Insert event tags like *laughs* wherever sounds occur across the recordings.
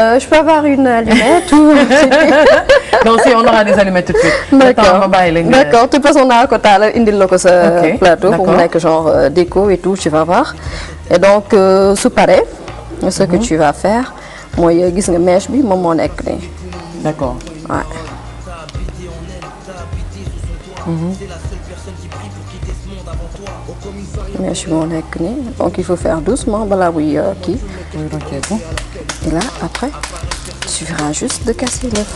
Euh, je peux avoir une allumette ou... *laughs* non si on aura des allumettes tout de suite. d' accord d' accord de toute façon naa ko taal indil la ko sa. plateau pour mu nekk genre euh, déco et tout tu vas voir. et donc euh, su paree. ce que mhm. tu vas faire mooy euh, gis nga mèche bi moom moo nekk nii. d' accord waaw. Merci moo nekk nii donc il faut faire doucement balaa buy kii. là après il suffira juste de casser l'œuf.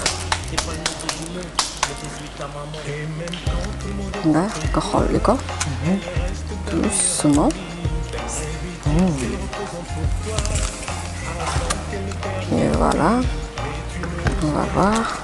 nga ko doucement. et voilà on voir.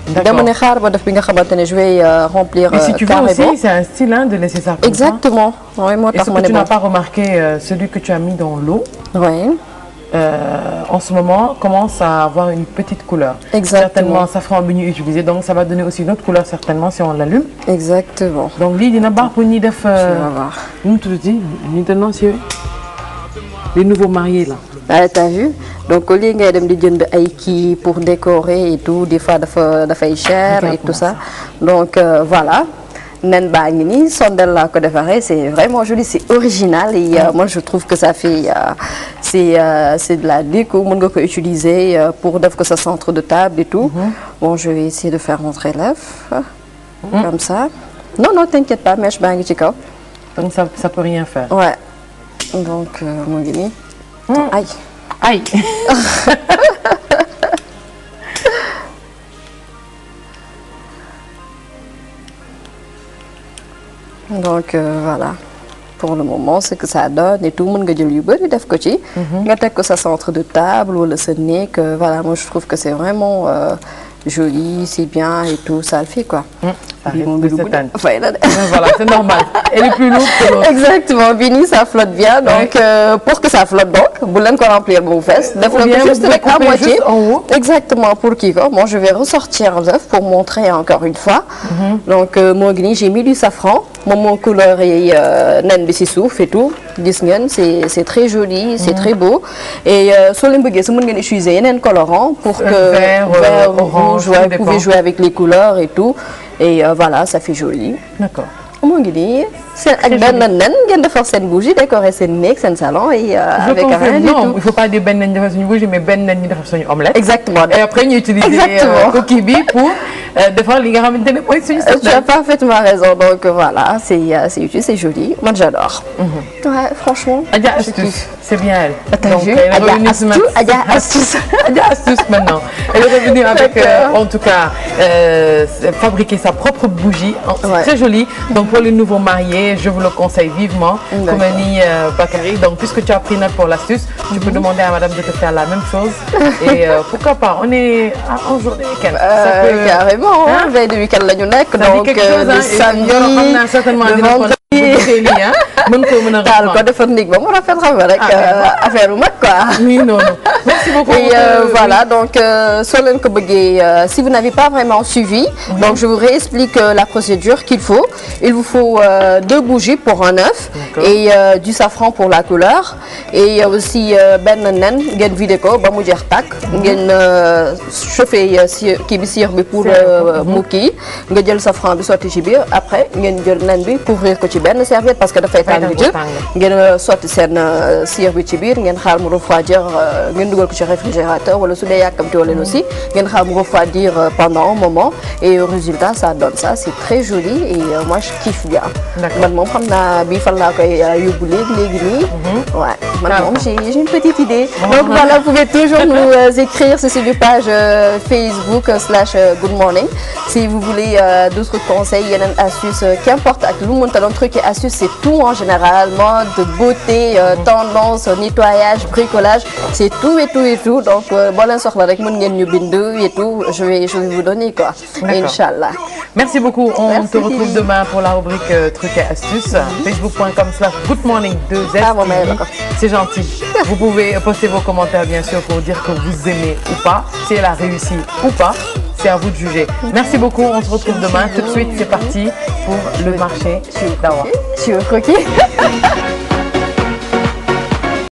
dama ne xaar ba def bi nga xamante ne je vais euh, remplir. carrément mais si euh, tu veux aussi c'est un style hein, de laisser ça. exactement mooy moo tax ma ne bon est-ce que tu n'as pas remarqué euh, celui que tu as mis dans l'eau oui. Euh, en ce moment commence à avoir une petite couleur. Exactement. Certainement safran bi ñuy utiliser donc ça va donner aussi une autre couleur certainement si on l'allume. Exactement. Donc lii dina baax pour ñuy def. nu mu tuddati ñu les nouveaux mariés là. ah t'as vu donc lii ngay dem di jënd ay kii pour décorer et tout des fois dafa dafay cher. et tout ça donc euh, voilà. nen baa ngi nii sondel laa ko defaree c'est vraiment joli c'est original et euh, moi je trouve que ça fait euh, c'est euh, c'est de la déco mën nga ko utiliser euh, pour def ko sa centre de table et tout mm -hmm. bon je vais essayer de faire rentrer l'œuf mm -hmm. comme ça non non t'inquiète pas mèche baa ngi ci kaw donc ça ça peut rien faire ouais. donc mu ngi nii. ay ay. donc euh, voilà pour le moment ce que ça donne et tout mën nga jël yu bëri def ko ci. Mmh nga teg ko sa centre de table wala sa néeg euh, voilà moi je trouve que c'est vraiment. Euh, joli c'est bien et tout ça le fait quoi. bii moom bii bu fay na de. voilà c'est normal elle est plus lourde exactement bii nii ça flotte bien donc euh, pour que ça flotte donc bu leen ko remplir ba mu fees. def na ko juste rek à moitié exactement pour kii ko bon je vais ressortir l'œuf pour montrer encore une fois. Mmh. donc euh, moo ngi nii j'ai mis du safran. moom moo couleur yi nen bi ci suuf et tout gis ngeen c'est c'est très joli c'est très beau et euh, soo leen bëggee sa mën ngeen utiliser yeneen colorant pour que euh, vert, euh, vert orange vous pouvez dépend. jouer avec les couleurs et tout et voilà ça fait joli d'accord mu ngi nii seen ak benn nen ngeen defar seen bougie décorer seen néeg seen salon et avec rien du tout. il faut pas dire benn nen ñu defar suñu bougie mais benn nen ñu defar suñu omelette. exactement et après ñu utiliser coquille bi pour. Euh, defar li nga xamante ne mooy suñu. Euh, tu as parfaitement raison donc voilà c' euh, joli man j' mm-hmm. franchement. Adja astuce bien elle. donc Adja astuce Adja astuce maintenant. elle est revenue avec en tout cas fabriquer sa propre bougie. Oh, c'est très joli donc pour les nouveaux mariés je vous le conseille vivement. ku mel ni Bakary donc puisque tu as pris note pour l' astuce. tu peux mm-hmm. demander à madame de te faire la même chose. *laughs* et pourquoi pas on est un jour de week-end. bon hein? Ah. veille de week-end la ñu nekk. donc le samedi le mën koo mën a taal ko defar néeg ba mu rafet xam nga rek ah, euh, affaire bu mag quoi. oui merci beaucoup et euh, euh, voilà donc soo leen ko bëggee si vous n'avez pas vraiment suivi. Oui. donc je vous réexplique euh, la procédure qu'il faut il vous faut euh, deux bougies pour un œuf. et du safran pour la couleur. et aussi benn nen ngeen vidé ko ba mu jeex tàkk. Mhm. ngeen chauffé si kii bi sir bi pour mu kii nga jël safran bi sotti ci biir après ngeen jël nen bi couvrir ko ci benn serviette parce que dafay tàng jël ngeen sotti seen sir bi ci biir ngeen xaar mu dugal ko ci réfrigérateur wala su dee yàkkamtiwoo leen aussi ngeen xam refroidir euh, pendant un moment et au résultat ça donne ça c'est très joli et euh, moi je kiffe bien. man moom xam naa bii fan laa koy euh, yóbbu léegi léegi nii. waaw mm-hmm. man moom j'ai une petite idée. Mm-hmm. donc voilà vous pouvez toujours nous écrire ceci du page Facebook slash Good Morning si vous voulez d'autres conseils yeneen astuces qu'importe ak lu mu mënta doon truc et astuce c'est tout en général mode beauté mm-hmm. tendance nettoyage bricolage c'est tout. et tout et tout donc euh, boo leen soxla rek mën ngeen ñu bind et tout je vais je vais vous donner quoi. d'accord inchallah. merci beaucoup on merci. te retrouve demain pour la rubrique euh, trucs et astuces. Mm -hmm. facebook.com slash good morning 2S c'est gentil vous pouvez poster vos commentaires bien sûr pour dire que vous aimez ou pas si elle a réussi ou pas c'est à vous de juger. merci beaucoup on se retrouve demain tout de suite c'est parti pour le marché. je suis Dawa. je suis